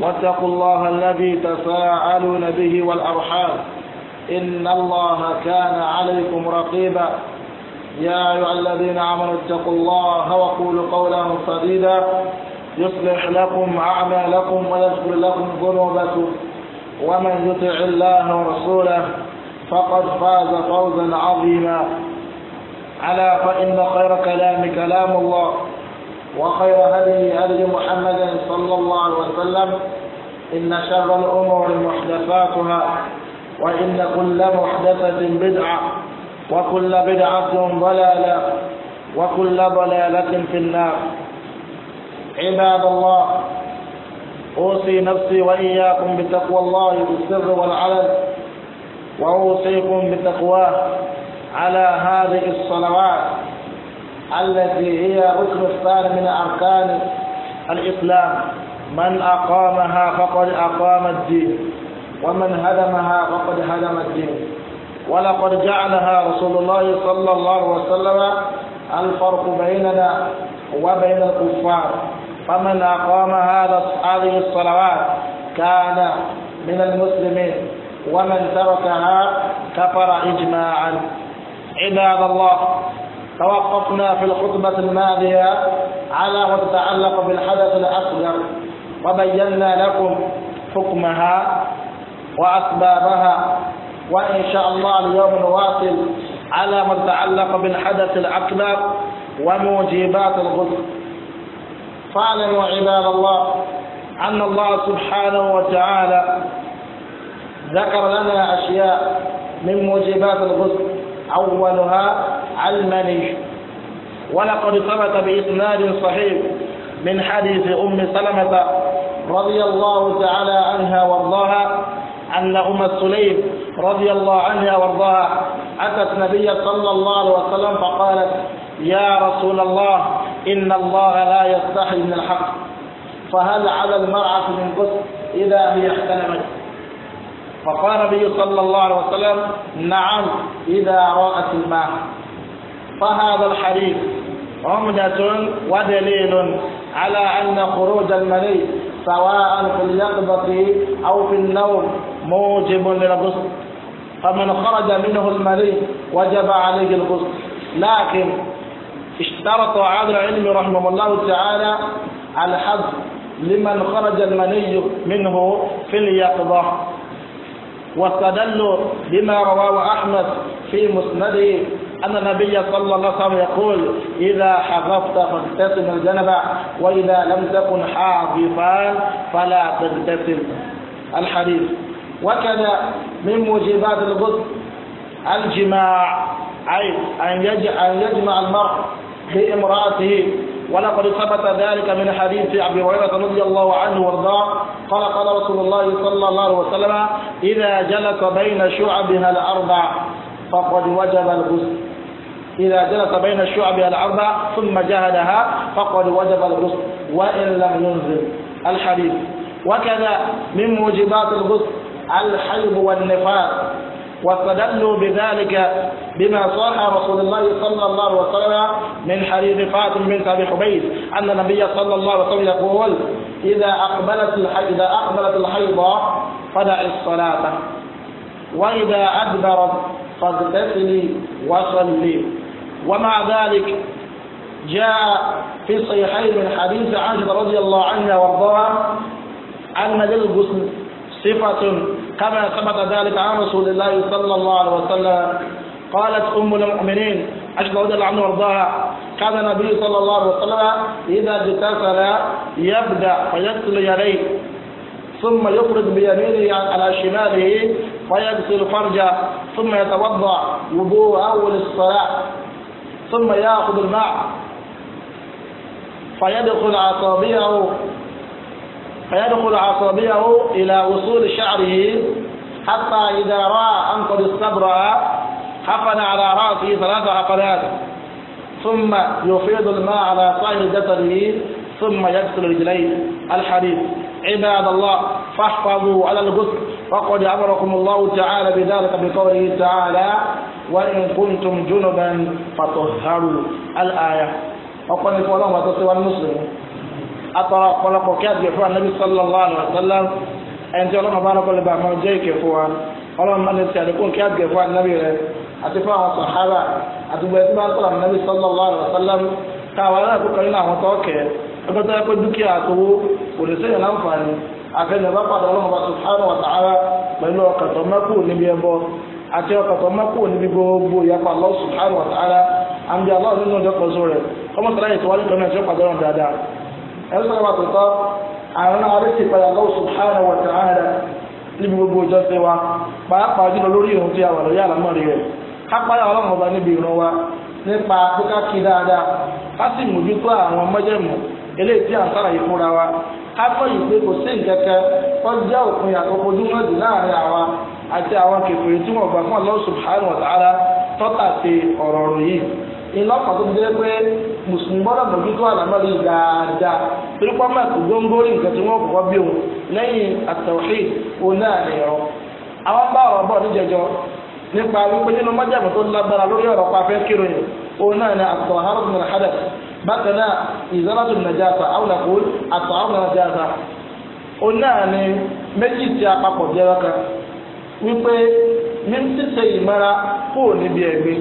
واتقوا الله الذي تساءلون به والأرحام إن الله كان عليكم رقيبا يا أيها الذين آمنوا اتقوا الله وقولوا قولا سديدا يصلح لكم أعمالكم ويغفر لكم ذنوبكم ومن يطع الله ورسوله فقد فاز فوزا عظيما ألا فإن خير كلام كلام الله وخير هدي هدي محمد صلى الله عليه وسلم إن شر الأمور محدثاتها وإن كل محدثة بدعة وكل بدعة ضلالة وكل ضلالة في النار عباد الله أوصي نفسي وإياكم بتقوى الله بالسر والعلن وأوصيكم بتقواه على هذه الصلوات التي هي ركن الثاني من أركان الإسلام من أقامها فقد أقام الدين ومن هدمها فقد هدم الدين ولقد جعلها رسول الله صلى الله عليه وسلم الفرق بيننا وبين الكفار فمن أقام هذا هذه الصلوات كان من المسلمين ومن تركها كفر إجماعا عباد الله توقفنا في الخطبة الماضية على ما تتعلق بالحدث الأصغر وبينا لكم حكمها وأسبابها وإن شاء الله اليوم نواصل على ما يتعلق بالحدث الأكبر وموجبات الغسل فاعلموا عباد الله أن الله سبحانه وتعالى ذكر لنا أشياء من موجبات الغسل أولها علمني ولقد ثبت بإسناد صحيح من حديث أم سلمة رضي الله تعالى عنها وارضاها أن أم السليم رضي الله عنها وارضاها أتت النبي صلى الله عليه وسلم فقالت يا رسول الله إن الله لا يستحي من الحق فهل على المرأة من قسم إذا هي احتلمت فقال النبي صلى الله عليه وسلم نعم إذا رأت الماء فهذا الحديث عمدة ودليل على أن خروج المني سواء في اليقظة أو في النوم موجب للغسل فمن خرج منه المني وجب عليه الغسل لكن اشترط عاد العلم رحمه الله تعالى الحذف لمن خرج المني منه في اليقظة واستدلوا بما رواه أحمد في مسنده أن النبي صلى الله عليه وسلم يقول إذا حفظت فاغتسل الجنبة وإذا لم تكن حافظا فلا تغتسل الحديث وكذا من موجبات الغسل الجماع أي أن يجمع, المرء بامرأته ولقد ثبت ذلك من حديث أبي هريرة رضي الله عنه وارضاه قال قال رسول الله صلى الله عليه وسلم إذا جلس بين شعبها الأربع فقد وجب الغسل إذا جلس بين الشعب الأربع ثم جهدها فقد وجب الغسل وإن لم ينزل الحديث وكذا من موجبات الغسل الحلب والنفاق واستدلوا بذلك بما صح رسول الله صلى الله عليه وسلم من حديث فاطم بنت ابي حبيب ان النبي صلى الله عليه وسلم يقول اذا اقبلت الحيض اذا اقبلت الحيض فدع الصلاه واذا ادبرت فاغتسلي وصلي ومع ذلك جاء في الصحيحين من حديث عائشة رضي الله عنها وارضاها أن للغسل صفة كما ثبت ذلك عن رسول الله صلى الله عليه وسلم قالت أم المؤمنين عائشة رضي الله عنها وارضاها كان النبي صلى الله عليه وسلم إذا اغتسل يبدأ فيغسل يديه ثم يفرد بيمينه على شماله فيغسل فرجه ثم يتوضأ وضوء أول الصلاة ثم يأخذ الماء فيدخل عصابيه فيدخل عصابيه إلى وصول شعره حتى إذا رأى أن قد استبرأ حفن على رأسه ثلاث حفنات ثم يفيض الماء على صاحب جسده ثم يغسل رجليه الحديث عباد الله فاحفظوا على الغسل وقد امركم الله تعالى بذلك بقوله تعالى وان كنتم جنبا فطهروا الايه وقد يقول الله وتصوى المسلم atara ọ̀pọ̀lọpọ̀ kí àti ìfúra níbi sallallahu alaihi wasallam ẹni tí ọlọ́run bá lọ́kọ́ lè bá àwọn jẹ́ ìkẹ́ fún wa ọlọ́run bá lè ti àdínkù kí àti ìfúra níbi rẹ àti fún àwọn sàhábà àti gbẹ̀ẹ́ tí bá sọ̀rọ̀ níbi sallallahu alaihi wasallam káwọn aláàbò kan nínú àwọn tọ́ọ̀kẹ́ nígbà tó yẹ pé dúkìá àtòwó kò lè sẹ́yìn láǹfààní àfẹnìyàn padà ọlọ́mọba subhanahu wa ta'ala pẹ̀lú ọkàn tó mẹ́kù níbi ẹbọ àti ọkàn tó mẹ́kù níbi gbogbo ìyapa Allah subhanahu wa ta'ala àmì Allah nínú ìjọpọ̀sọ rẹ̀ kọ́mọ̀tàlá yìí tó wáyé pẹ̀lú ẹ̀ṣẹ́ padà ọ̀rọ̀ dáadáa wa ta'ala níbi a eléyìí tí à ń yìí fúnra wa á kọ́ yìí pé kò sí nǹkan kan ọjà òpin àkọ́kọ́dúnmọ́dún láàrin àwa àti àwọn kèfèrè tí wọ́n gbà fún Allah subhanahu wa ta'ala tọ́ta ti ọ̀rọ̀ ọ̀rọ̀ yìí ìlọ́pàá tó jẹ́ pé mùsùlùmí gbọ́dọ̀ mójútó àlámọ́lì dáadáa torí pé ọmọ ẹ̀kọ́ góńgóri nǹkan tí wọ́n kọ́kọ́ bí òun lẹ́yìn at-tawhid òun àwọn bá ọ̀rọ̀ bọ̀ nípa wípé nínú ìzọ́lábì nàjàsà àwọn àpò àtọ̀ àwọn nàjàsà òun náà ni méjì tí a papọ̀ bí ẹ̀rọ kan wípé mímú ṣe ìmọ̀ra kò níbi ẹ̀gbin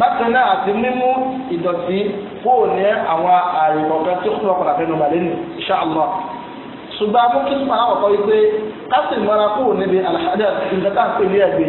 bákan náà àti mímú ìdọ̀tí kò ní àwọn ààyè kọ̀ọ̀kan tí kúrò ọ̀pọ̀lọpọ̀ àfẹnù bàlẹ́ nì ṣáàlọ́ ṣùgbọ́n amúkísùn àwọn ọ̀kọ́ wípé ká sì mọ́ra kò níbi àlàáfíà nǹkan tá à ń pè ní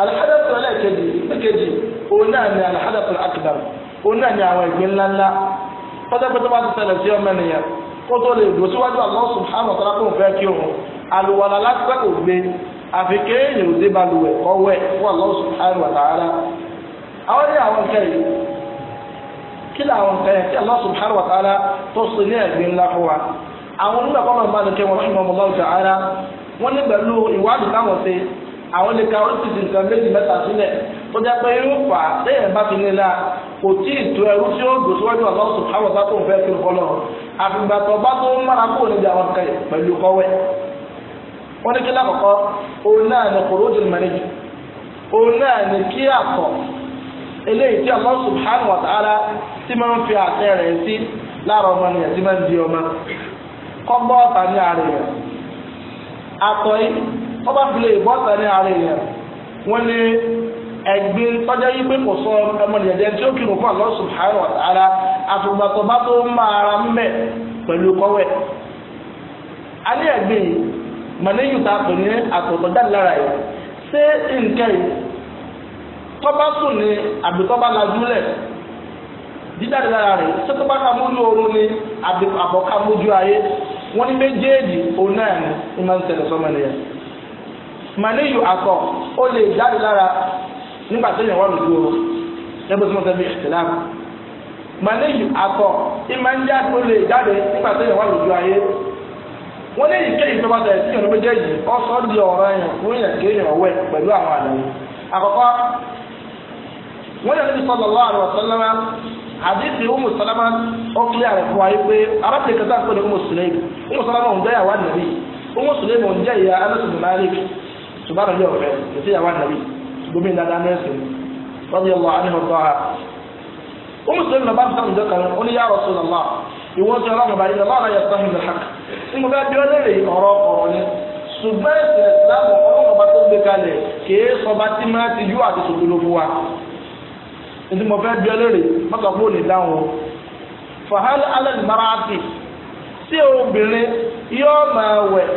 alihadasu ẹlẹ́ẹ̀kejì ìpínkejì òun náà ni alihadasu akbar òun náà ni àwọn ìgbín ńláńlá pátápátá bá ti ṣẹlẹ̀ sí ọmọ ènìyàn kó tó lè dùn síwájú Allah subhanahu wa ta'ala kó fẹ́ kí òun àlùwàlà láti sẹ́kò gbé àfi kéèyàn ò dé balùwẹ̀ kọ́wẹ́ fún Allah subhanahu wa ta'ala àwọn ní àwọn nǹkan yìí kí ni àwọn nǹkan yẹn tí Allah subhanahu wa ta'ala tó sì ní ẹ̀gbin ńlá fún wa àwọn onígbà kọ́mọ̀ ìbánikẹ́ wọn rahimahumullahu ta'ala wọ́n ní pẹ̀lú ìwádìí táwọn ṣe àwọn lè ka oríṣiríṣi nǹkan méjì mẹ́ta sílẹ̀ tó jẹ́ pé irú fà á lẹ́yìn bá fi nílá kò tí ì tó ẹrú tí ó gbò síwájú Allah subhanahu wa ta'ala tó ń fẹ́ kí n fọlọ́ àfìgbà tó bá tó ń mára kó níbi àwọn nǹkan pẹ̀lú kọ́wẹ́ wọ́n ní kí lákọ̀ọ́kọ́ òun náà ní khurujul manij òun náà ní kí àtọ̀ eléyìí tí Allah subhanahu wa ta'ala tí máa ń fi àtẹ rẹ̀ sí lára ọmọ nìyẹn tí máa ń di ọmọ kọ́gbọ́ ọ̀tà ní àárẹ̀ àtọ̀ yìí wọ́n bá fi lè bọ́ sẹ́ni ààrẹ yẹn wọ́n ní ẹgbẹ́ tọ́jà yìí pé kò sọ ọmọnìyànjẹ́ tí ó kírun fún Allah subhanahu wa ta'ala àtùgbàtọ̀ bá tó ń máa ara mẹ́ pẹ̀lú kọ́wẹ́ alẹ́ ẹgbẹ́ yìí mọ̀lẹ́yìn ta pè ní àtọ̀tọ̀já lára yìí ṣé nǹkan yìí tọ́ba sùn ni àbí tọ́ba lajú lẹ̀ dídáde lára rẹ̀ ṣé tọ́ba ká mójú oorun ni àbí àbọ̀ká mójú ayé wọ́n ní méjèèjì òun náà ni ìmọ̀ ń tẹ̀lé sọ́mọ nìyẹn. màlẹ́yù àtọ̀ ó lè jáde lára nígbà tó yàn wà lójú o lẹ́gbẹ́ tí wọ́n fẹ́ bí ìṣẹ̀lá màlẹ́yù àtọ̀ ìmọ̀njá tó lè jáde nígbà tó yàn wà lójú ayé wọ́n ní ìkéyìí tó bá tẹ̀ sí ìyọ̀nù méjèèjì ọ̀sọ́ di ọ̀rọ̀ ẹ̀yàn fún yàn kéèyàn ọ̀wẹ́ pẹ̀lú àwọn àlàyé àkọ́kọ́ àdìsí fún wa yìí pé arábìnrin ń pè ní ṣùgbọ́n àná yóò fẹ́ kò sí ìyàwó ànàbí ṣùgbọ́n mi dáadáa náà sìn wọ́n yẹ wọ́n àníhàn tọ́ ha. ó mú sẹ́yìn nàbá sàn jọ kan ó ní yàrá sọ nàlá ìwọ sọ ọlọ́run bá yẹ lọ́wọ́ àyẹ sọ́hìn lọ́hà nígbà bá bí wọ́n lè ọ̀rọ̀ ọ̀rọ̀ ni ṣùgbọ́n ẹ̀sẹ̀ ìsìlámù ọlọ́run bá tó gbé kalẹ̀ kìí sọ bá tí ti yú àti sòdodo wa ní mo fẹ́ bí ọ lérè mọ́tò kó lè dáhùn fàhálà alẹ́ nìmárà àti tí obìnrin yóò máa wẹ̀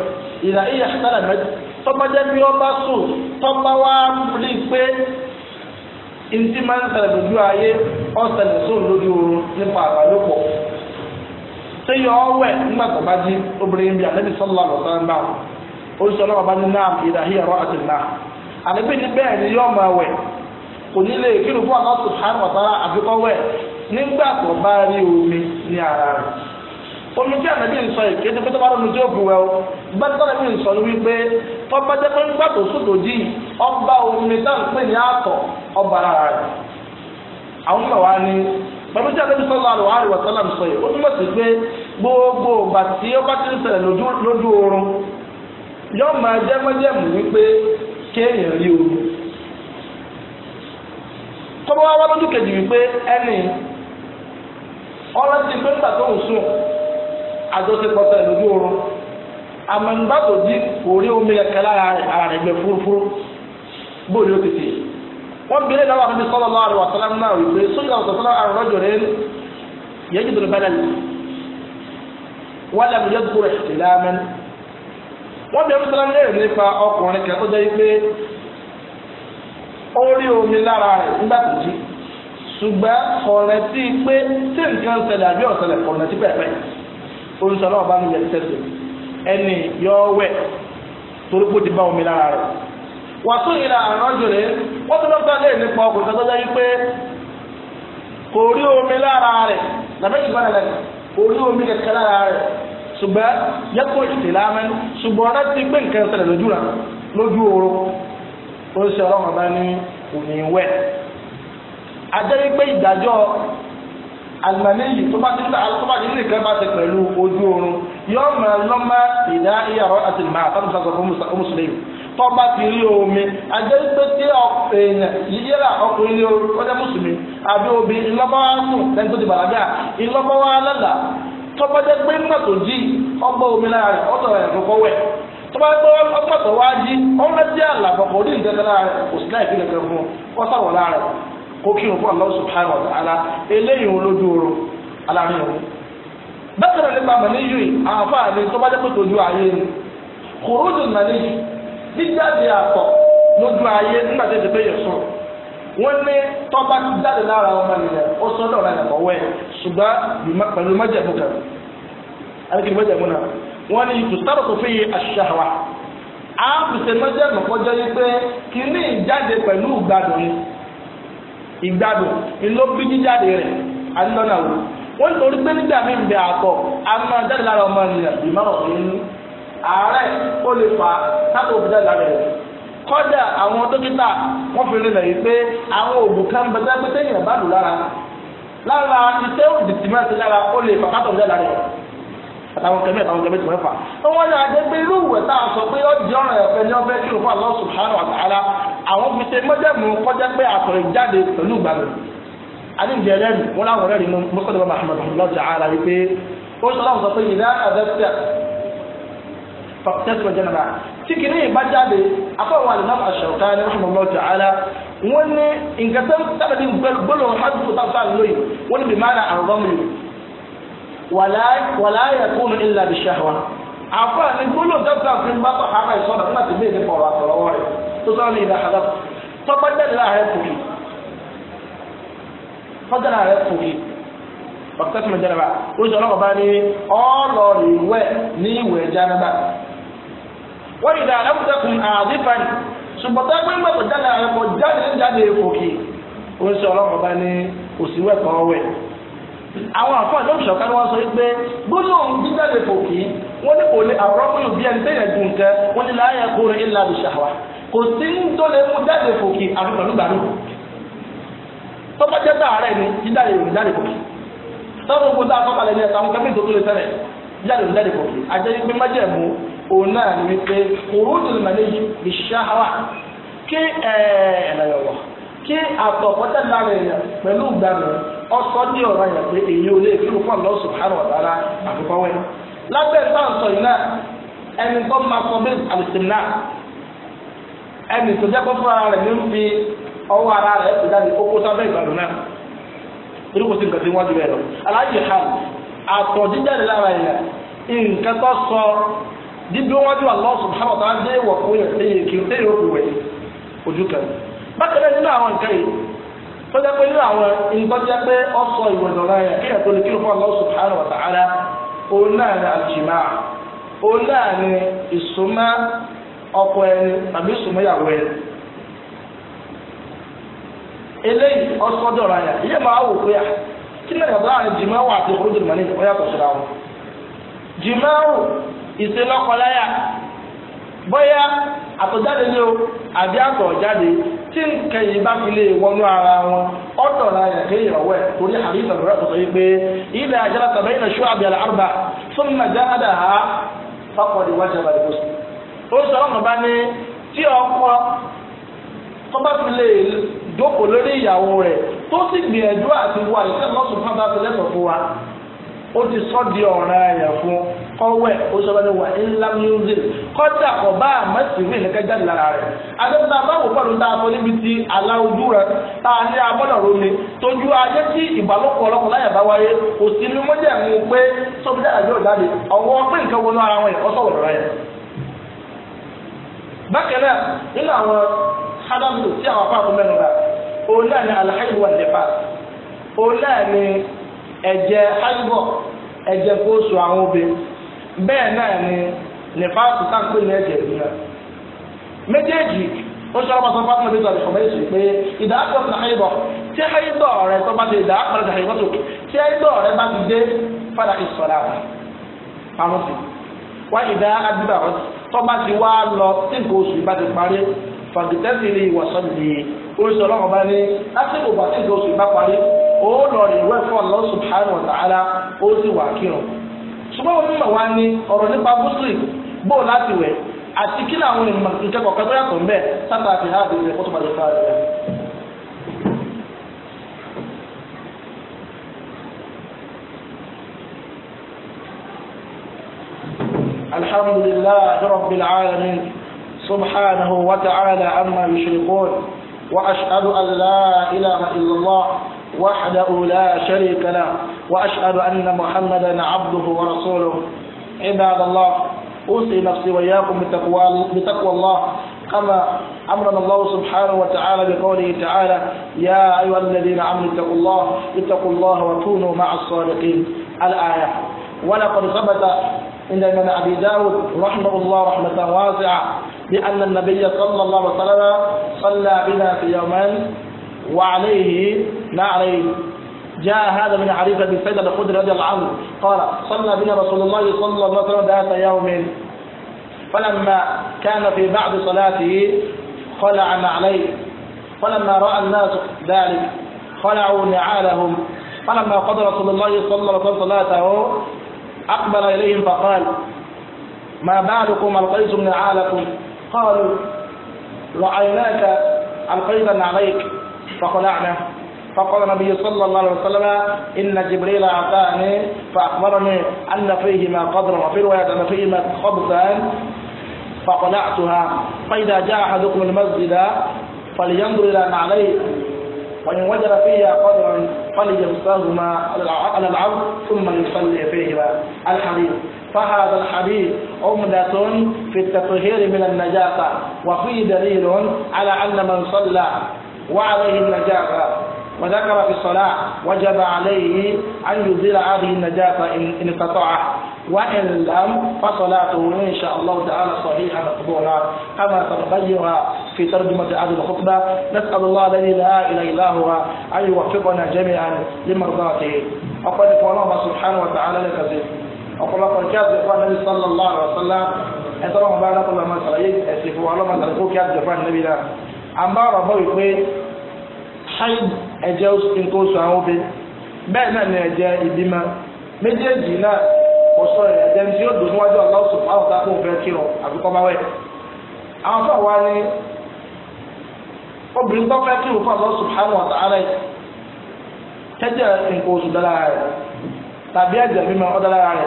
ìlà ìyà sálà mẹ́tì tọ́mọdé bí wọ́n sùn tọ́mọ wá rí i pé ntí máa ń ṣẹlẹ̀ lójú ayé ọ̀sẹ̀lẹ̀ sùn lórí oorun nípa àbálòpọ̀ sẹ́yìn ọ̀wẹ̀ nígbà tó bá jí obìnrin bíi àlẹ́bí sọ́lá lọ́sàn-án náà oríṣi ọlọ́wọ́ bá ní náà ìdáhìí ẹ̀rọ àti náà àlẹ́bí ní bẹ́ẹ̀ ni yọ́ máa wẹ̀ kò ní lè kí ló fún sùn hàn nígbà tó bá rí omi ní ara rẹ̀. omi tí ànábì ń sọ yìí kí ẹni tó bá lọ́nu tí ó bu wẹ́ o gbẹ́tọ́ ànábì ń sọ ní wípé tọ́gbà jẹ́ pé nígbà tó sòtò jì ọba omi tá à ń pè ní àtọ̀ ọba ara rẹ̀ àwọn ọmọ wa ni pẹ̀lú tí ànábì sọ́lá àlọ́ àríwá sọ́lá ń sọ yìí ó túmọ̀ sí pé gbogbo ìgbà tí ó bá ti ń lójú oorun yóò máa jẹ́ mọ́jẹ́mù wípé kéèyàn rí omi wa wá lójú kejì àjọṣepọ̀ pẹ̀lú bí oorun àmọ́nùbá tó di omi kankan lára ara fúrufúru bóòlù ó ti sè wọ́n bèrè lọ́wọ́ àti náà wípé sójà àrùn rẹ̀ wọ́n lẹ́nu wọ́n sọ́lá ní èrè nípa ọkùnrin kan tó jẹ́ pé ó omi lára rẹ̀ nígbà ṣùgbọ́n tí pé tí nǹkan ṣẹlẹ̀ oníṣẹ́ ọlọ́wọ́ bá ní yẹ ẹni yọ wẹ̀ ti ba omi lára rẹ̀ wà tún ìlà àránjù wọ́n tún lọ́gbà lè nípa ọkùnrin tó dájú pé kò rí omi lára rẹ̀ làbẹ́jì bá rẹ̀ kò rí omi kẹ̀kẹ́ lára rẹ̀ ṣùgbọ́n yẹ́kọ̀ ìsìlámẹ́ ṣùgbọ́n ọ̀rẹ́ ti gbé nǹkan ṣẹlẹ̀ lójú rà lójú oorun ní wẹ̀ wípé ìdájọ́ alimami tó bá ti tó bá ti ní nìkan bá ti pẹ̀lú ojú oorun yóò mọ lọ́mọ ìdá ìyàrá àti ìmọ̀ àtàwọn ìṣàkóso fún mùsùlùmí tó bá ti rí omi ajẹ́ pé tí èèyàn yíyára ọkùnrin ní ọjọ́ mùsùlùmí àbí obi ńlọ́bọ̀ wá sùn lẹ́yìn tó ti bàlágà ńlọ́bọ̀ wá lálà tó bá jẹ́ pé nígbà tó jí ọgbọ́ omi lára rẹ̀ ọ̀tọ̀ rẹ̀ kọ́kọ́ wẹ̀ tó bá gbọ́ ọgbọ́tọ̀ wá jí ọ̀rẹ́ tí àlàfọ̀ kó kírun fún alaw subhanahu wa ta'ala eléyìí wọn lójú oorun aláàrin òun bẹ́ẹ̀ nípa mẹ́lẹ́yìn yìí àáfàá ni tó bá jẹ́ ayé ni kòrójò mẹ́lẹ́yìn jíjáde ayé nígbà tó ti sùn wọ́n ní tọ́ba jáde lára ọmọ nìyẹn ó sọ dọ̀rọ̀ ṣùgbọ́n pẹ̀lú májẹ̀mú kan ìgbádùn ìlò bí jíjáde rẹ̀ àdínlọ́nà wò wọ́n ní torí pé nígbà mí bẹ àkọ́ àmọ́ jáde lára ọmọ ènìyàn bí máa wọ̀ nínú ààrẹ ó lè fà á tábà òbí jáde lára rẹ̀ kọ́dà àwọn dókítà wọ́n fi rinlẹ̀ yìí pé àwọn òògùn kan bẹ tẹ́ pé téèyàn bá lò lára lára iṣẹ́ òdìtì máa ti lára ó lè fà kátó òbí jáde lára rẹ̀ àtàwọn kẹmí àtàwọn kẹmí tó mẹ́fà. wọ́n ní adé pé irú ìwẹ̀ tá a sọ pé ó di ọ̀ràn ẹ̀fẹ́ ní ọbẹ̀ kí ló fà Allah subhanahu wa ta'ala àwọn fi ṣe mọ́jẹ̀mú kọjá pé àkùnrin jáde pẹ̀lú ìgbàgbọ́ adíǹjẹ lẹ́nu wọn láwọn ọ̀rẹ́ rí mú mọ́sọ́dọ̀ bá Muhammad Allah ta'ala wípé ó sọ láwọn sọ pé ìdá àdẹ́sẹ̀ fàkùtẹ́sì wọ̀jẹ̀ nàbà tí kìíní ìbá jáde afọwọ́ àlùmọ́ àṣọ̀ká ní Muhammad ta'ala wọ́n ní nǹkan tó ń sábàdí gbọ́lọ̀ hajjú tó bá lóyè wọ́n ní bí àrùn wàlá yakunu illa bi shahwa àfa ni gbólóhùn dọ́kítà fi ń bá bọ̀ ha náà sọ̀rọ̀ nígbà tí méjì fọ̀rọ̀ àtọ̀rọ̀wọ́ rẹ̀ tó sọ ní ìdá àdá tọ́gbà jáde láàrẹ̀ kò yìí tọ́jà láàrẹ̀ kò yìí ọ̀tẹ́ tí mo jẹ́ nípa àwọn àfọ àdókòṣọ kan wọn sọ pé gbólóhùn jíjáde fòkì wọn ní kò lè àrọ́mùnù bí ẹni bẹ́ẹ̀ dùn kẹ wọn ní láàyè ńlá ṣàwà kò sí ń tó lè mú jáde ni jíjáde ìrìn jáde fòkì tọ́pọ́ gbogbo tá a sọ́kalẹ̀ ní ẹ̀ta àwọn kẹ́mí ìdókòlè sẹ́rẹ̀ jáde jáde àjẹ́ òun náà kí àtọ̀kọ́tà lára èèyàn pẹ̀lú ìgbàgbọ́ ọsọ ní ọ̀rọ̀ yẹn pé èyí ò lè fi rúfọ́ Allah subhanahu wa ta'ala àkọ́kọ́ wẹ̀. lábẹ́ sáǹsọ̀ yìí náà ẹni tó máa sọ bí àlùsìnà ẹni tó rẹ̀ ní fi ọwọ́ ara rẹ̀ ti dáni kókó sábẹ́ ìgbàgbọ́ náà sí nǹkan tí wọ́n lọ. aláàjì àtọ̀ bákan náà nínú àwọn nǹkan yìí tó jẹ́ pé nínú àwọn nǹkan ọsọ pé ọ sọ ìwé ìdọ̀rọ̀ yẹn kí ẹ̀tọ́ ni kí ló fún Allah subhanahu wa òun náà ni àjìmá òun náà ni ọkọ ẹni tàbí ìsúnmọ́ ẹni eléyìí ọsọdọ̀rọ̀ yẹn ìyẹn máa wò pé kí náà yàtọ̀ láàrin jìmá wà àti bóyá àtọ̀jáde ni o àbí àtọ̀jáde tí nkẹyìn bá fi lè wọnú ara wọn ọ̀tọ̀ la yẹ kéyìn ọ̀wẹ́ torí àríyìn ọ̀rẹ́ tuntun yìí pé ilẹ̀ àjẹlá tàbí ilẹ̀ ṣọ́ àbí àlárúbà fún nàìjà àdà ha fọkọ̀dé wájà balẹ̀ kó sùn. ó sọ ọ̀nà bá ní tí ọkọ tó bá fi lè dókòó lórí ìyàwó rẹ̀ tó sì gbìyànjú àti wà ìṣẹ́ lọ́sùn fún abáfẹ́lẹ́sọ̀ fún wa ó ti sọ́ di ọ̀ràn ẹ̀yà fún ọwẹ́ ó sọ wọn wà ọba àmọ́sìrì nìkan jáde lára rẹ̀ àtẹ̀tẹ̀ àbáwò pẹ̀lú tá a fọ níbi ti aláwùjú rẹ̀ tá a ní abọ́dọ̀ romi tójú ajé tí ìbálòpọ̀ ọlọ́kọ̀ láyà bá wáyé kò sí ní mọ́jẹ̀ mú pé sọ́bíjà àjọ ìjáde pé nǹkan ara wọn ẹ̀kọ́ sọ̀rọ̀ náà nínú àwọn tí àwọn apá bẹ́ẹ̀ náà ni nífàásù táǹpé ní ẹ̀jẹ̀ rí náà méjèèjì ó ṣe ọmọ sọfà fún ẹgbẹ́ ìṣọ̀mọ́ èsì pé ìdáàbò ọ̀sán àyíbọ̀ tí àyíbọ̀ rẹ tó bá ti ìdáàbò ọ̀sán àyíbọ̀ tó tí àyíbọ̀ rẹ bá ti dé ìsọ̀rọ̀ àwọn àwọn sì wá ìdá tó bá ti wá lọ tí nǹkan oṣù ti parí ọlọ́run bá ní lásìkò bá tí nǹkan oṣù parí ó ṣùgbọ́n wọn mímọ̀ wá ní ọ̀rọ̀ nípa muslim bó láti wẹ̀ àti kí làwọn nǹkan kọ̀ọ̀kan tó yàtọ̀ mbẹ́ sábà fi hàn àdéhùn ẹ̀kọ́ tó máa lè fa الحمد لله رب العالمين سبحانه وتعالى عما يشركون وأشهد أن لا إله إلا الله وحده لا شريك له وأشهد أن محمدا عبده ورسوله عباد الله أوصي نفسي وإياكم بتقوى, بتقوى الله كما أمرنا الله سبحانه وتعالى بقوله تعالى يا أيها الذين آمنوا اتقوا الله اتقوا الله وكونوا مع الصادقين الآية ولقد ثبت عند ابن أبي داود رحمه الله رحمة واسعة بأن النبي صلى الله عليه وسلم صلى بنا في يومين وعليه ما عليه جاء هذا من حديث ابي سعيد الخدري رضي الله عنه قال صلى بنا رسول الله صلى الله عليه وسلم ذات يوم فلما كان في بعض صلاته خلع نعليه فلما راى الناس ذلك خلعوا نعالهم فلما قضى رسول الله صلى الله عليه وسلم صلاته اقبل اليهم فقال ما بالكم القيتم نعالكم قالوا رايناك القينا عليك فخلعنا فقال النبي صلى الله عليه وسلم إن جبريل أعطاني فأخبرني أن فيهما قدرا وفي رواية أن فيهما خبزا فقلعتها فإذا جاء أحدكم المسجد فلينظر إلى ما عليه وإن وجد فيها قدرا فليمسهما على العرض ثم يصلي فيهما الحديث فهذا الحديث عمدة في التطهير من النجاسة وفيه دليل على أن من صلى وعليه النجاسة وذكر في الصلاة وجب عليه أن يزيل هذه النجاسة إن استطاع وإن لم فصلاته إن شاء الله تعالى صحيحة مقبولة كما سنبينها في ترجمة هذه الخطبة نسأل الله الذي لا إله إلا هو أن يوفقنا جميعا لمرضاته أقول لك الله سبحانه وتعالى لك زيد أقول لك الكاتب النبي صلى الله عليه وسلم أترى مبارك الله ما سرعيك أسفه الله ما سرعيك كاتب النبي لا أما ربه يقول حيد ẹ̀jẹ̀ nǹkan oṣù àwọn obìnrin bẹ́ẹ̀ náà ni ẹ̀jẹ̀ ìbímọ méjèèjì náà kò sọ ẹ̀jẹ̀ tí yóò dùn níwájú Allah subhanahu wa ta'ala fún fẹ́ kírun àbíkọ́ bá àwọn fún àwa ni obìnrin tó fẹ́ fún dára tàbí dára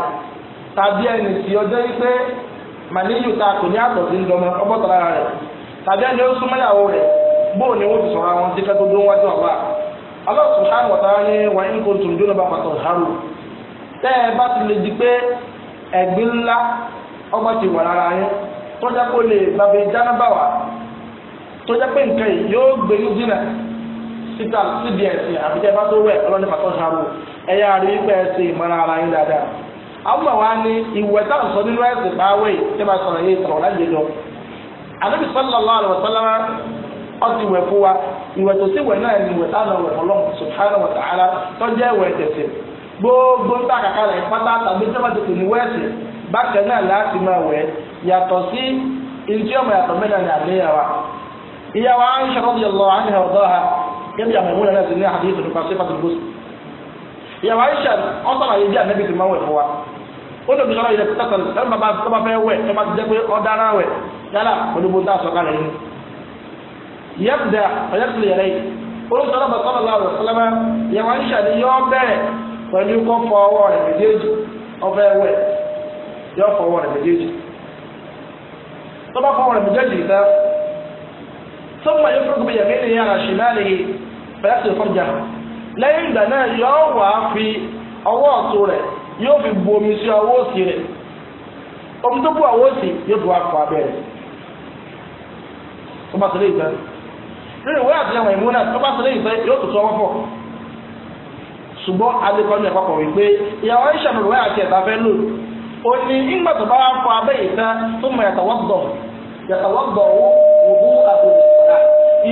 tàbí ẹni tí ọjọ́ yìí pé ta kò ní tàbí ẹni ó súnmọ́ rẹ̀ ni wọ́n ti sọ̀rọ̀ Allah subhanahu wa ta'ala ní wa in kuntum junuban fatahharu tẹ́ ẹ bá ti lè di pé ẹ̀gbin ńlá ọgbà ti wà lára yín tó jẹ́ kó lè bàbá ìjáná bá wà tó jẹ́ pé nǹkan yìí yóò gbé ní jìnnà síta síbi ẹ̀sìn àbíjẹ́ bá tó wẹ̀ ọlọ́ni rí pé ara yín dáadáa àwọn ìwẹ̀ tá à ń sọ nínú ẹ̀sìn báwẹ̀ tí sọ̀rọ̀ yìí sọ̀rọ̀ ìwẹ̀ tó sì wẹ̀ náà ni ìwẹ̀ táwọn ọ̀wẹ̀ ọlọ́run subhanahu wa ta'ala tó jẹ́ ìwẹ̀ tẹ̀sẹ̀ gbogbo ń tà kàkà rẹ̀ pátá tàbí tí wọ́n ti pè ní wẹ́ẹ̀sì bákan náà láti máa wẹ̀ yàtọ̀ sí ìdí ọmọ yàtọ̀ mẹ́ta ní àléyà wa ìyá wa ń ṣe rọ́bì ọlọ́ àmì ọ̀dọ́ ha gẹ́gẹ́ bí àwọn ìwúrẹ́ náà ti ní àdéhùn nípa sí pàtó gbòsì ìyá ń ṣe ọ̀sán àyè yabda ọ̀yẹ́kùnlé rẹ̀ olùsọ̀rọ̀ ọ̀bà sọ́nà láwùrọ̀ sọ́lámà ìyàwó àyíṣà ni yọ bẹ́ẹ̀ méjèèjì yọ fọ ọwọ́ méjèèjì tó bá yọ wà á fi ọwọ́ ọ̀tún rẹ̀ yóò fi bu omi sí ọwọ́ òsì omi tó bu nínú ìwé àtìlẹwọ̀n ìmú náà tó bá sọ lẹ́yìn pé yóò tó sọ wọ́n fọ̀ ṣùgbọ́n alẹ́kọ̀ọ́ ní ẹ̀kọ́kọ̀ wípé ìyàwó Aisha nínú ìwé àti ẹ̀ta fẹ́ lò ó ní ìgbà tó bá fọ abẹ́ ìta tó mọ yàtọ̀wọ́gbọ̀ yàtọ̀wọ́gbọ̀ òwú àbòrò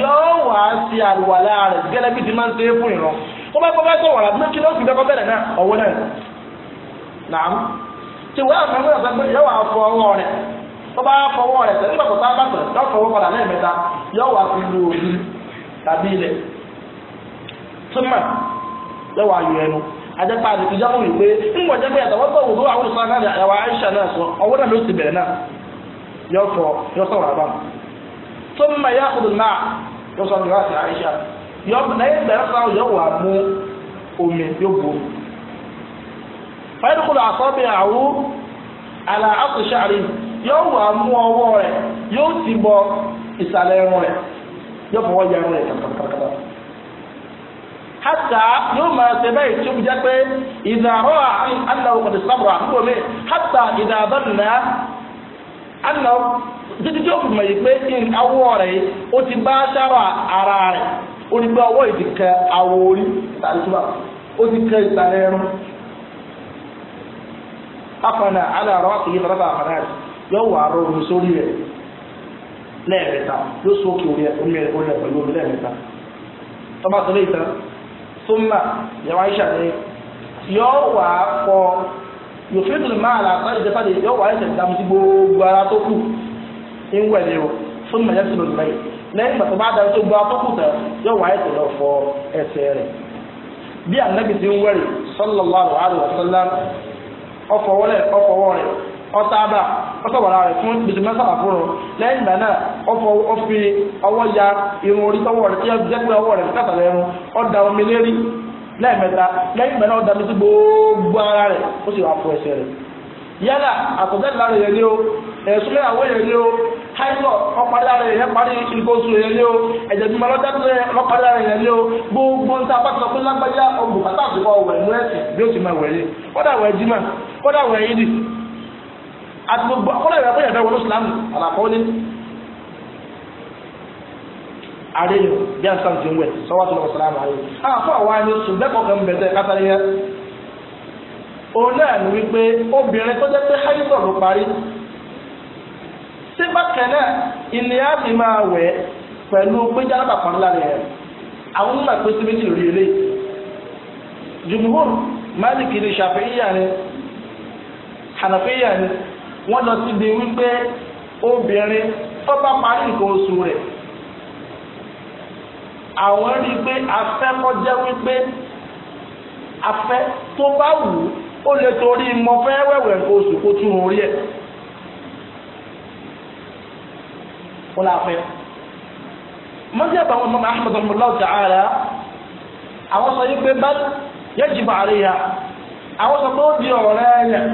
yóò wá sí àlùwàlá rẹ̀ gẹ́lẹ́ bí ti máa ń ṣe é fún ìran tó bá kọ́kọ́ sọ̀rọ̀ àbúrò kí ló fi dọ́kọ́ bẹ̀rẹ̀ náà ọ̀wọ́ náà yọ wà fi tuma tàbí ilẹ̀ túmọ̀ lọ́wọ́ ayọ̀ ẹnu ajẹ́pá àti ìjábọ̀ wípé ńgbọ̀n jẹ́ pé àtàwọ́tọ̀ wò ló àwọn ìsọ̀rọ̀ náà na àìsàn náà sọ ọwọ́ náà ló ti bẹ̀rẹ̀ náà yọ sọ yọ sọ̀rọ̀ àbá túmọ̀ yá kùdù náà yọ sọ̀rọ̀ náà sí àìsàn yọ lẹ́yìn bẹ̀rẹ̀ sọ̀rọ̀ bu omi. yóò wà mú ọwọ́ rẹ̀ yóò ti bọ ìsàlẹ̀ irun rẹ̀ yóò fọwọ́ ya irun rẹ̀ kàkàkàkà. hata yóò máa ṣe bẹ́ẹ̀ tí ó jẹ́ pé ìdàrọ́ anáwó kò ti sábà àkókò mi hata ìdàbọ̀ nà anáwó títí tí ó fi mọ̀ yìí pé awọ́ rẹ̀ ó ti bá ara rẹ̀ ó ní pé ọwọ́ yìí ti kẹ awọ orí ó ti kẹ ìsàlẹ̀ yóò wà rọ omi sórí rẹ̀ lẹ́ẹ̀mẹ́ta yóò sókè orí omi rẹ̀ orí rẹ̀ pẹ̀lú omi lẹ́ẹ̀mẹ́ta tọ́ba tó lè tán tó mà yàrá Aisha ni yóò wà kọ yòfin tó lè máa là láti jẹ́ fàdé yóò wà ẹsẹ̀ dàmú sí gbogbo ara tó kù ń o tó mà ọ̀tàbà ọsọ rẹ̀ fún gbèsè mẹ́sàlá fún un lẹ́yìn ìgbà náà ọ̀fọ̀ ọfi, ọwọ ya irun orí rẹ̀ tí ó jẹ́ pé ọwọ́ rẹ̀ omi lérí ìgbà náà mi sí gbogbo ara rẹ̀ ó sì wà fún yálà ẹ̀sùn ara parí ẹ̀jẹ̀ bímọ lọ́jà tó yẹ ara gbogbo àti gbogbo akọ́lẹ̀ ìrẹ́ fún ìyàfẹ́ wọn islam àlàkọ́ ní ààrẹ yìí bí a sàn ti ń wẹ̀ sọ́wọ́ tó lọ sàlámù ààrẹ yìí àfọ́ àwọn àni ṣùgbẹ́kọ̀ kan bẹ̀tẹ̀ kátàrí yẹn òun náà ni wípé obìnrin tó jẹ́ pé háyítọ̀ ló parí sígbà kẹ́nà ilé á fi máa wẹ̀ pẹ̀lú pé jálábà kan lára yẹn àwọn onímọ̀ pé síbi rí eléyìí jùmùhùn máàlìkì ni ṣàfihàn ni hànàfihàn ni wọ́n lọ síbi wípé obìnrin tó bá parí nǹkan oṣù rẹ̀ àwọn rí i pé afẹ́ kọjá wípé afẹ́ tó bá wù ú ó lè torí mọ fẹ́ wẹ̀wẹ̀ nǹkan oṣù kó tún orí ẹ̀ ó la fẹ́ mọ́tí ẹ̀bà wọn mọ́mọ́ ahmed ọmọlá ta'ala àwọn sọ yí pé bá yẹ́jì bàárẹ̀ yá àwọn sọ pé ó di ọ̀rẹ́ ẹ̀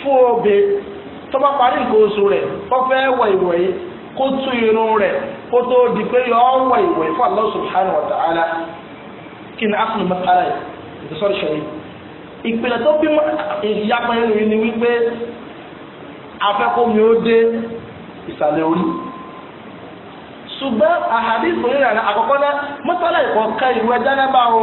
fún obìnrin tó bá parí nǹkan oṣù rẹ̀ ó fẹ́ wọ ìwẹ̀ yìí kó tú irun rẹ̀ kó tó di pé yọ ọ́ wọ ìwẹ̀ fún Allah subhanahu wa ta'ala kí ni asùn mẹ́tàlá yìí ìdísọ́rọ̀ ṣẹ̀yìn ìpìlẹ̀ tó bí ìyapa ẹnu ni wípé afẹ́kọ́mi ó dé ìsàlẹ̀ orí ṣùgbọ́n àhàdí ìfòyìnrìn àkọ́kọ́ náà mọ́tàlá ìkọ̀ọ̀kan ìwé jánábà o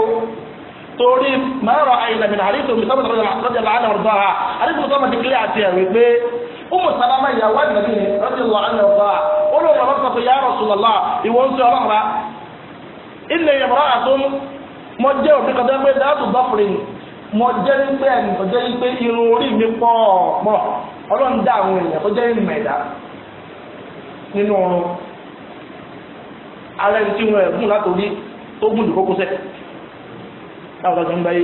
torí mẹ́rọ àyìnlẹ̀mìn àríkò mi sọ́mọ́tàlá lọ́jà láàrín ọ̀dọ́ ha àríkò sọ́mọ́tàlá Umu Salama ìyàwó ànàbí yẹn radiyallahu anha ọba olóòwò ọba sọ pé ya Rasulullah ìwọ ń sọ ọlọ́ra ilé ìyàwó àtún mọ jẹ́ òbí kan tó ń pè dáàtú bọ́fìrì mọ jẹ́ pé ẹnì kan jẹ́ pé irun orí mi pọ̀ pọ̀ ọlọ́run àwọn èèyàn tó jẹ́ ẹ̀dá nínú ọrùn ara ẹni tí wọn ẹ̀ gùn látòrí tó gùn dùkókó sẹ́ẹ̀ táwọn ọ̀dọ́ ti ń báyé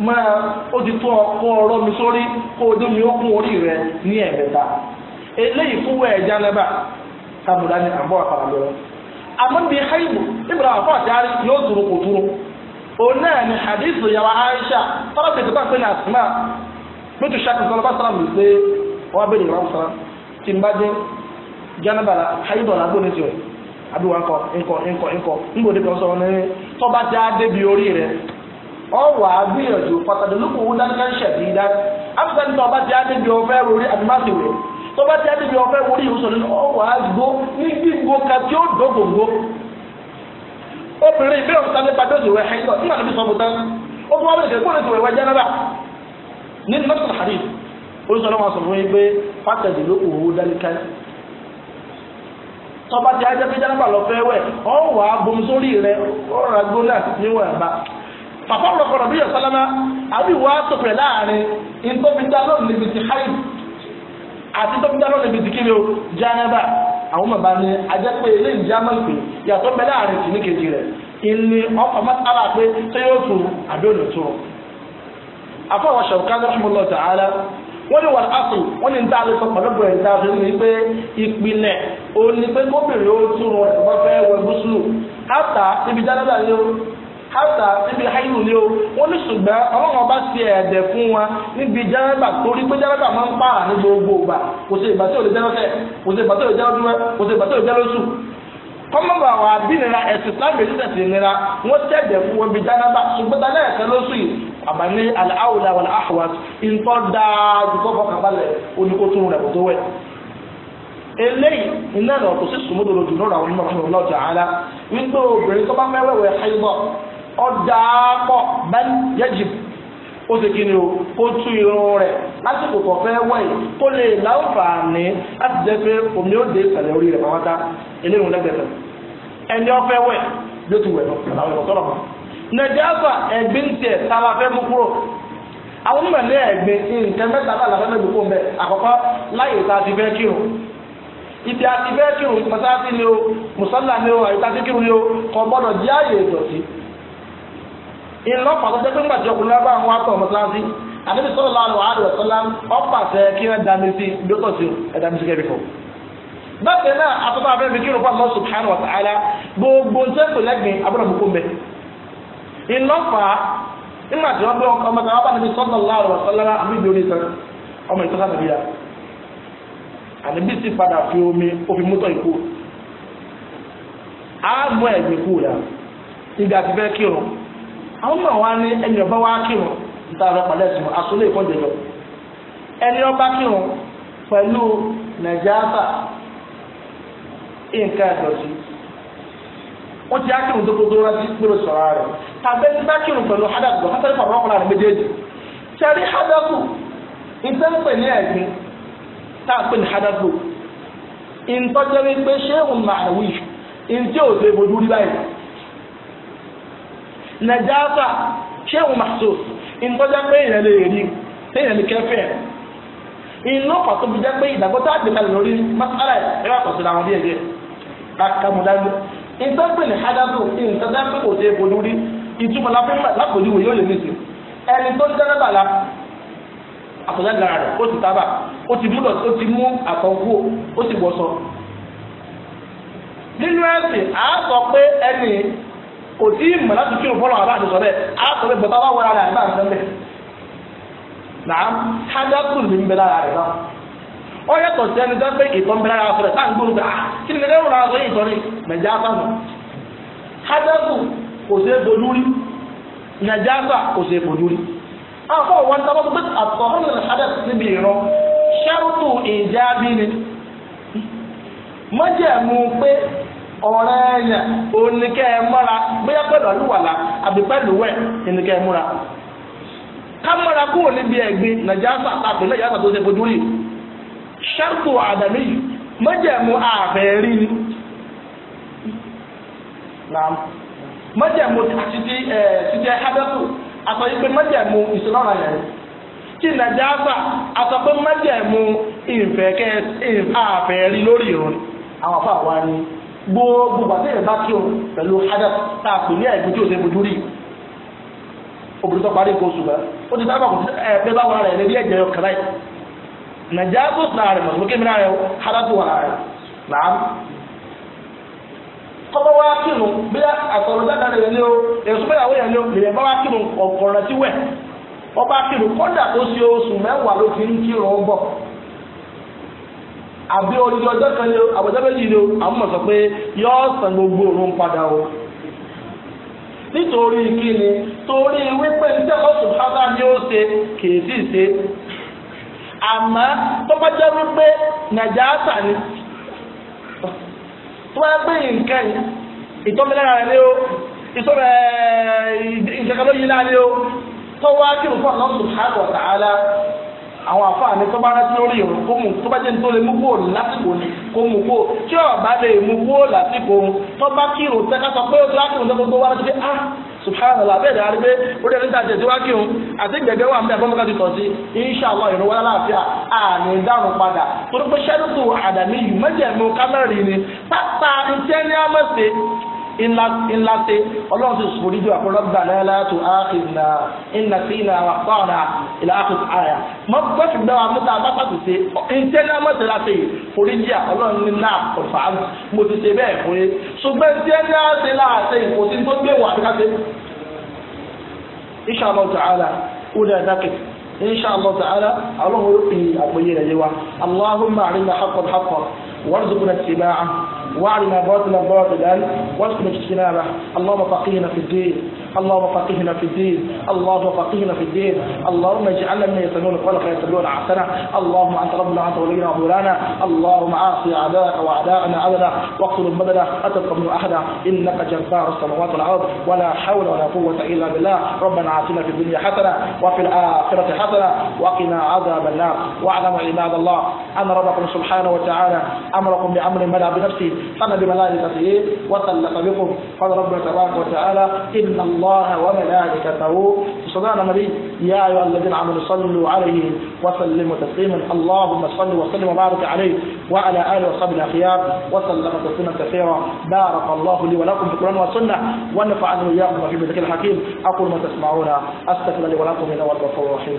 máa ó ti tó ọkọ ọ̀rọ̀ mi sórí kó o dún mi ó kún orí rẹ ní ẹ̀mẹ́ta eléyìí ni àbọ àfàlàbẹ wọn. àmọ́bi haibu ibùdó àwọn afọ àtàrí yóò turu kò turu òun náà ni yàrá aisha tọ́lá ti tó bá ní asma lótú sàkóso ọlọ́ba sàlá mi pé wọ́n bẹ̀rẹ̀ ìwà sàlá tí n bá ọwọ́ àgbìyànjú fàtàdínlùkùn dáńkà ṣẹ̀dí dá afghan tó bá ti rori ti adé bí rori ìwòsàn nínú ọwọ́ àgbo ní gbígbó tí ó obìnrin ìbílẹ̀ òkúta nípa tó nígbà tó fi sọ bẹ̀rẹ̀ lè ní nọ́ọ̀sì olùsọ̀rọ̀ wọn sọ fún yín pé ti ajẹ́ pé lọ fẹ́ wẹ̀ ọ wà sórí ọ̀rọ̀ náà pàpà ọ̀rọ̀kọ̀rọ̀ bí ọ̀sálámá àbí wàá sọ̀pẹ̀ láàrin ìtọ́bídálọ́ níbi ti haid àti ìtọ́bídálọ́ níbi ti kiri o jánẹ́bà àwọn bàbá ní ajẹ́pẹ́ ilé ìjámẹ́pẹ́ yàtọ̀ bẹ láàrin kìíní kejì rẹ̀ ilé ọkọ̀ mọ́tàlá pé ṣé yóò tún àbí ò lè tún ọ. afọwọ́ ṣọ̀kan lọ́sùmọ́lọ́ tààlà wọ́n ní wàlá àpò wọ́n ní níta lè sọ pẹ̀lú bẹ̀rẹ̀ níta fi ní pé ìpìlẹ̀ òun ni pé gómìnà ó tún wọn ẹ̀ wọ́n fẹ́ wọ gúúsù áta ibi jánẹ́bà ni ó hátà níbi háyù ni o wọn ní ṣùgbọ́n ọba ti ẹdẹ fún wa níbi jẹ́rẹ́bà torí pé jẹ́rẹ́bà máa ń pààrà ní gbogbo ìgbà kò sí ìgbà tí ò kò sí ìgbà tí ò kò sí ìgbà tí ò lè jẹ́rọ́sù bí nira nira fún wọn bí jẹ́rẹ́bà ṣùgbọ́n tá lẹ́ẹ̀kan lóṣù yìí aláwòlá ìtọ́ dáa ọ̀dàpọ̀ bẹ́ẹ̀ yẹ́jì ó ti kí ni o kó tú irun rẹ̀ lásìkò kan fẹ́ wẹ̀yìn kó lè láǹfààní láti jẹ́ pé omi ó dé ìsàlẹ̀ orí rẹ̀ pàápàá eléyìí lẹ́gbẹ̀ẹ́ ẹni ọ̀fẹ́ wẹ̀ ló ti wẹ̀ lọ́wọ́ ìwọ̀sọ́rọ̀ mọ́ nàìjíríà ẹ̀gbin tiẹ̀ sábà fẹ́ mú kúrò àwọn onímọ̀ ní ẹ̀gbin nǹkan mẹ́ta bá làbẹ́ mẹ́gbẹ́ fún bẹ́ẹ̀ àkọ́kọ́ láyé ìta ti fẹ́ kírun ìdí àti fẹ́ kírun mọ́sáàtì ni o mùsọ́là ni o àyíká ti kírun ni o kò gbọ́dọ̀ iná pàṣẹ pé pé gbàjọ ọkùnrin lábá àwọn akọ mọ́sálásí àdébí sọ́dọ̀ láàrú àádọ́ sọ́lá ọ̀pàṣẹ kí wọ́n dá sí lótọ́ sí ẹ̀dá sí kẹ́rì fún. náà atọ́tọ́ abẹ́rẹ́ mi kí fún gbogbo sẹ́ńtò lẹ́gbìn abúlé mbẹ. iná fà á nígbà tí wọ́n bẹ́ ọmọ sọ́dọ̀ láàrú ìgbà tí fẹ́ kírun àwọn náà wá ní ẹni ọba wá kírun níta ọ̀rọ̀ pàdé ẹ̀sìn àsọlé ìkọ́ jẹjọ ẹni ọba kírun pẹ̀lú nàìjíríà nǹkan ẹ̀dọ̀tí wọ́n ti á tó gbogbo rántí gbèrò sọ̀rọ̀ rẹ̀ tàbí ẹni bá kírun pẹ̀lú hadagun hadagun pàmò ọkùnrin àti méjèèjì sẹ́rí hadagun ìfẹ́ ń pè ní ẹ̀gbin tá a pè ní nàjàsà ṣéwù màṣús ìtọ́jà pé èèyàn lè rí téèyàn lè kẹfẹ́ inú pàtó fi jẹ́ pé ìdàgbọ́ tá a gbé lórí masala ẹ̀rọ àkọsílẹ̀ àwọn díẹ̀ díẹ̀ kàkàmùdájú ìtọ́pẹ̀ ní hadazu ìtọ́jápẹ̀ kò ṣe é bojú rí ìtumọ̀ lápòjúwe yóò lè nìsí ẹni tó ń dáná bàlá àkọsílẹ̀ lára rẹ̀ ó ti tábà ó ti mú àkọ́kọ́ ó ti wọ̀sọ. nínú ẹ̀sìn àá sọ pé ẹni kò tí ì mọ̀ láti kírun fọ́lọ́ àbá àtúnṣọ bẹ́ẹ̀ á sọ pé bọ́tá bá wọra rẹ̀ àbá àtúnṣọ bẹ́ẹ̀ náà hajjakun ní bẹ lára rẹ̀ náà ó yàtọ̀ sí ẹni dápẹ́ ìtọ́ bẹ lára rẹ̀ tá à ń gbóòrò pé ah, kí ni kẹ́kẹ́ rò lára sọ yìí sọ ní nàìjíríà nù hajjakun kò sí ebojú rí nàìjíríà kò sí ebojú rí afọ wọn tí bá sọ pé ọ̀rẹ́ ẹ̀yàn oníkẹ́ ẹ mọ́ra bóyá pẹ̀lú àlùwàlà àbí pẹ̀lú wẹ̀ oníkẹ́ ẹ ká mọ́ra kúrò níbi ẹ̀gbin nàìjíríà tàbí nàìjíríà tó ṣe fojú rí ṣẹ́kù àdàmì yìí mọ́jẹ̀mú àfẹ́rí ni mọ́jẹ̀mú títí ẹ̀ títí hábẹ́kù àtọ́ yìí pé mọ́jẹ̀mú ìṣúná yẹn tí àtọ́ pé mọ́jẹ̀mú ìfẹ́kẹ́ lórí àwọn ni. gbogbo gbàtẹ́rẹ̀ bá kí o pẹ̀lú hadith tàà pè ní àìgbójú òsè bojú rí obìnrin tó parí nǹkan oṣù mẹ́ ó ti sábà kò sí ẹgbẹ́ bá wà rẹ̀ lórí ẹ̀jẹ̀ ọkàn láì nàìjíríà tó sì náà rẹ̀ mìíràn rẹ̀ hadith wà rẹ̀ náà kọ́bọ́ wá kírun bí àkọlù dáadáa rẹ̀ o èso bẹ́ẹ̀ àwọn èèyàn o lè bá wá ọba tó ṣe oṣù mẹ́wàá ló fi ń àbí odidi ọjọ́ kan ni o àbọ̀jọ́ méjì ni àwọn mọ̀ sọ pé yọ san gbogbo òun padà o nítorí kíni torí wípé iṣẹ́ ọ̀sùn fáwọn ni ó ṣe kìí sì ṣe àmọ́ tó bá jẹ́ wípé nàìjíríà ni tó bá gbé nǹkan ìtọ́milára rẹ o ìtọ́rẹ ìjẹ̀kẹ́ ló yí láàrin o tó wá kí n àwọn àfààní tó bá rántí lórí ìrùn kó mú tó bá jẹ́ tó lè mú kúrò lásìkò ni kó mú kúrò tí ó lè mú kúrò lásìkò òun tó bá kírun tẹ́ká sọ pé ó ti láti ìrùn gbogbo wá sí pé ah subhanallah bẹ́ẹ̀ dáa rí pé ó dẹ̀ níta jẹ̀ síwájú òun àti gbẹ̀gbẹ̀ wà níbi àgbọ̀mọ́ká ti tọ̀ sí inṣàlá ìrún wá láàfíà àmì ìdáhùn padà torí pé ṣẹ́dútù àdàmì yìí mẹ́jẹ̀mú kámẹ́rì ni pátá ntẹ́ni àmọ́sẹ̀ ńlá ṣe ọlọ́run ti sùn dídú àkọ́lọ́gbà náà látò áàkìnà iná sí iná àpáàrà ìlà àkókò àyà mọ bọ́sù dáwà mọ́ta abápàtì ṣe ìtẹ́lá mọ́tẹ́lá ṣe foríjì ọlọ́run ní náà ọ̀fà mo ti ṣe bẹ́ẹ̀ fún yé ṣùgbọ́n tí ẹni á ṣe láàṣẹ kò sí tó gbé wà káṣe. insha Allah ta'ala ó dáa dákẹ́ insha Allah ta'ala ọlọ́run ó fi àpòyè rẹ̀ yé wa allahumma arina haqqan haqqan warzuqna ittiba'ah وارنا باطل باطلا واسلك اجتنابه اللهم فقهنا في الدين اللهم فقهنا في الدين اللهم فقهنا في الدين اللهم اجعلنا من يسمعون الخلق فيتبعون احسنه اللهم انت ربنا انت ولينا ومولانا اللهم اعطي اعداءك واعداءنا عددا واقتل بدلا اتبقى من احدا انك جبار السماوات والارض ولا حول ولا قوه الا بالله ربنا اعطنا في الدنيا حسنه وفي الاخره حسنه وقنا عذاب النار واعلم عباد الله ان ربكم سبحانه وتعالى امركم بامر بدا بنفسه قام بملائكته وسلط بكم قال ربنا تبارك وتعالى ان الله الله وملائكته يصلون النبي يا أيها الذين آمنوا صلوا عليه وسلموا تسليما اللهم صل وسلم وبارك عليه وعلى آله وصحبه الأخيار وسلم تسليما كثيرا بارك الله لي ولكم في القرآن والسنة ونفعني وإياكم في الذكر الحكيم أقول ما تسمعون أستغفر لي ولكم من أول الرحيم